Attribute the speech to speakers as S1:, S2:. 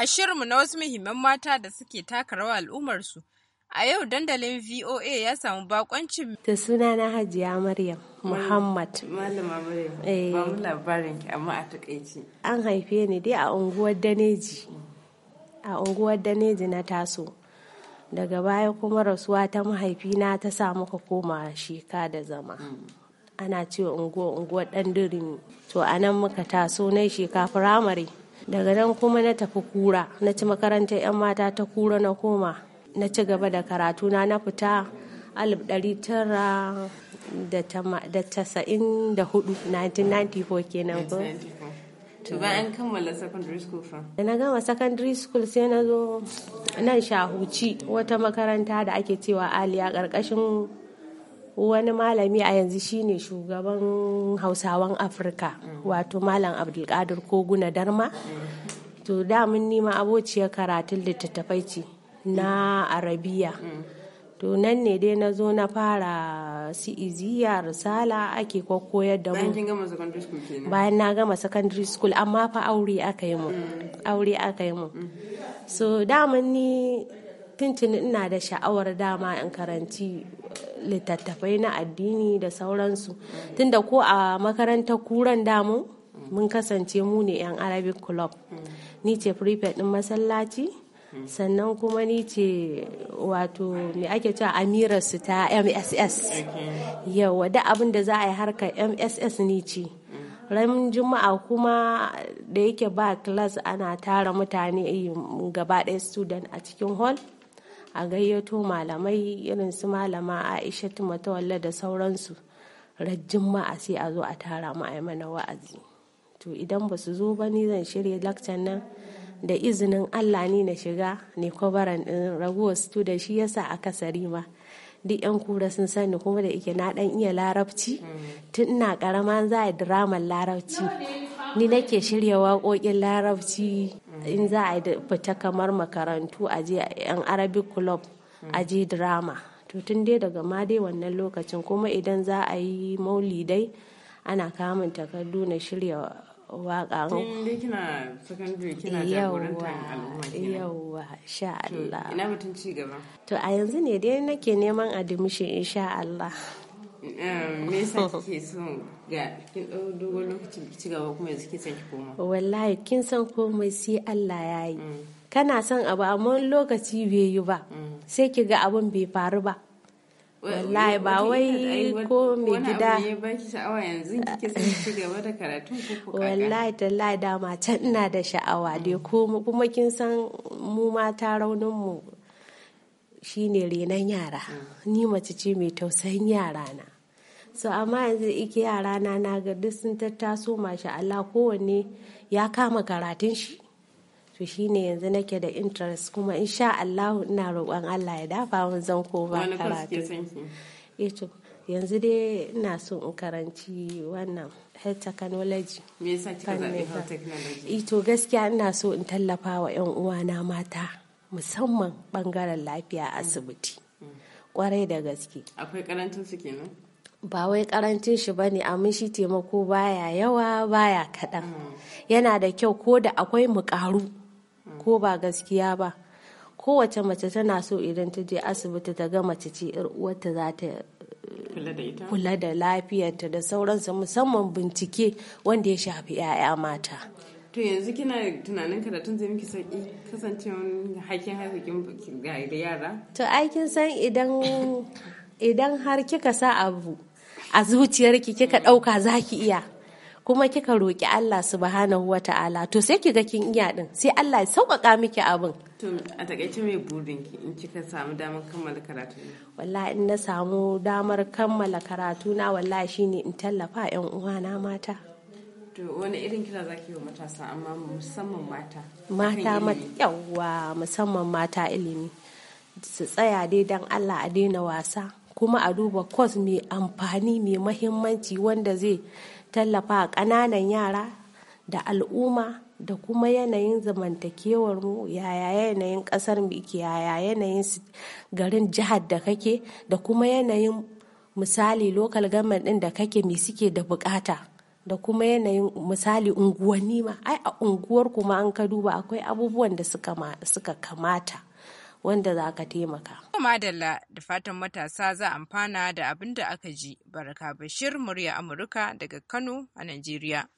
S1: a shirinmu na wasu muhimman mata da suke taka rawa al'ummarsu. A yau dandalin VOA ya samu bakoncin da suna na Hajiya Maryam Muhammad. Malama Maryam, eh. ba mu labarin ki amma a takaici. An haife ni dai a unguwar Daneji. A unguwar Daneji na taso. Daga baya kuma rasuwa ta mahaifina ta sa muka koma sheka da zama. Ana ce unguwar unguwar ɗan To a nan muka taso na sheka firamare. daga nan kuma na tafi kura na ci makarantar 'yan mata ta kura na koma na ci gaba da karatuna na fita 1994 kenan ko kammala secondary school fa da na gama secondary school sai na zo nan shahuci wata makaranta da ake cewa aliya karkashin wani malami a yanzu shine shugaban hausawan afirka wato malam abdulkadir koguna darma to da mun nima abociyar karatun littattafai ce na arabiya to nan ne dai na zo na fara si iziya risala ake koyar da mu bayan na gama secondary school amma fa aure aka yi mu aure aka yi mu so mun ni tuntun ina da sha'awar dama in karanci littattafai na addini da sauransu tunda ko a makarantar kuran damu mun kasance mu ne 'yan arabic club ni ce prefect din masallaci sannan kuma ni ce wato me ake cewa amirarsu ta mss yawa da abin da za a yi harka mss ni ce Ramin juma'a kuma da yake ba class ana tara mutane eh, gaba ɗaya student a cikin hall a gayyato malamai irin su malama aisha matawalla da sauransu su ma a sai a zo a tara mu mana wa'azi to idan ba su zo ba ni zan shirya lakcan nan da izinin allah ni na shiga ne kwabaran din raguwa su da shi yasa a kasari ma duk yan kura sun sani kuma da ike na dan iya larabci tun ina karama za a diraman larabci ni nake shirya waƙoƙin larabci in za a fita kamar makarantu a je yan arabic club a je drama to tun dai daga ma dai wannan lokacin kuma idan za a yi maulidai ana kamun takardu na shirya waka kina secondary kina al'umma yawwa sha Allah ina mutun gaba to a yanzu ne dai nake neman admission insha Allah Eh, me yasa kike ga kin wallahi kin san komai sai Allah ya yi mm. kana son abu amma lokaci bai yi ba mm. sai ki ga abun bai faru ba wallahi ba wai ko mai gida wani abu ya da karatu ko dama can ina da sha'awa dai kuma kin san mu mata raunin mu Shi ne renon yara mm. ni mace ce mai tausayin yara na so amma yanzu ike yara na na ga duk sun tattaso masha Allah kowanne ya kama karatun shi to shi ne yanzu nake da interest kuma insha Allah ina roƙon Allah ya dafa mun zan ko ba karatu eh yanzu dai ina so in karanci wannan health technology me yasa kika zabi health technology ito eh gaskiya ina so in tallafa wa 'yan uwana mata musamman bangaren lafiya asibiti kwarai da gaske akwai karancin su kenan ba wai karancin shi ba ne amma shi taimako baya yawa baya kaɗan yana da kyau ko da akwai mukaru ko ba gaskiya ba kowace mace tana so idan ta je asibiti ta ga mace ce uwarta za ta eh, kula da lafiyarta da sauransu musamman bincike wanda ya shafi 'ya'ya mata to yanzu kina tunanin karatun zai miki sauki kasancewan hakin hakikin ga yara to aikin san idan idan har kika sa abu a zuciyarki kika ɗauka za ki iya kuma kika roƙi Allah subhanahu wa ta'ala to sai kiga kin iya din sai Allah ya sauƙaƙa miki abin to a takaice mai burin ki in kika samu damar kammala karatu wallahi in na samu damar kammala karatu na wallahi shine in tallafa yan uwana mata musamman mata? Mata musamman mata ilimi. Su tsaya dai don Allah a daina wasa kuma a duba kwas mai amfani mai mahimmanci wanda zai tallafa ƙananan yara da al'umma da kuma yanayin zamantakewar mu yaya yanayin ƙasar mu ke yaya yanayin garin jihar da kake da kuma yanayin misali lokal government ɗin da kake mai suke da bukata. da kuma yanayin misali unguwanni ma ai a unguwar kuma an ka duba akwai abubuwan da suka kamata wanda za ka taimaka. Madalla da fatan matasa za amfana da abin da aka ji. Baraka Bashir murya Amurka daga Kano a Najeriya.